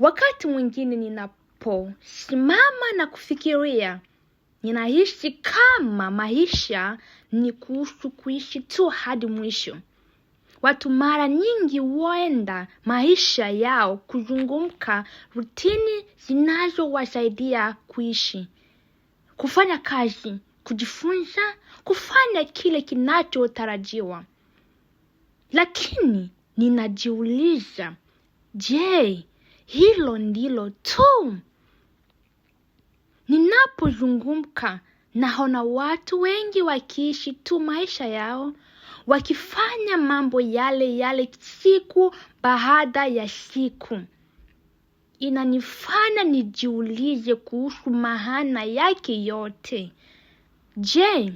Wakati mwingine ninaposimama na kufikiria, ninahisi kama maisha ni kuhusu kuishi tu hadi mwisho. Watu mara nyingi huenda maisha yao kuzungumka rutini zinazowasaidia kuishi, kufanya kazi, kujifunza, kufanya kile kinachotarajiwa. Lakini ninajiuliza, je, hilo ndilo tu. Ninapozungumka naona watu wengi wakiishi tu maisha yao, wakifanya mambo yale yale siku baada ya siku. Inanifanya nijiulize kuhusu maana yake yote. Je,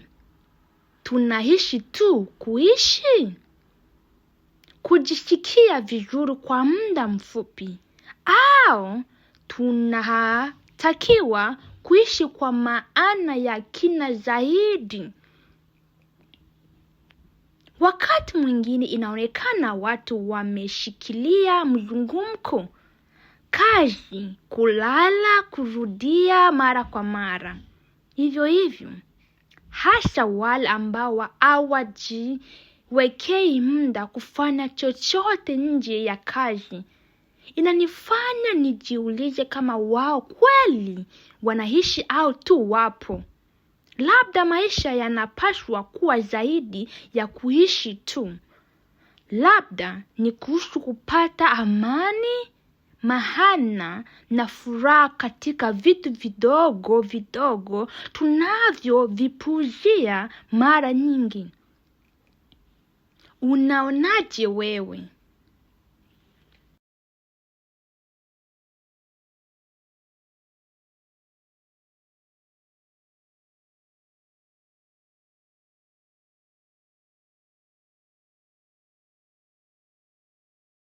tunaishi tu kuishi? Kujisikia vizuri kwa muda mfupi au tunatakiwa kuishi kwa maana ya kina zaidi. Wakati mwingine inaonekana watu wameshikilia mzungumko, kazi, kulala, kurudia mara kwa mara, hivyo hivyo, hasa wale ambao hawajiwekei muda kufanya chochote nje ya kazi inanifanya nijiulize kama wao kweli wanaishi au tu wapo. Labda maisha yanapaswa kuwa zaidi ya kuishi tu. Labda ni kuhusu kupata amani, mahana na furaha katika vitu vidogo vidogo tunavyovipuuzia mara nyingi. Unaonaje wewe?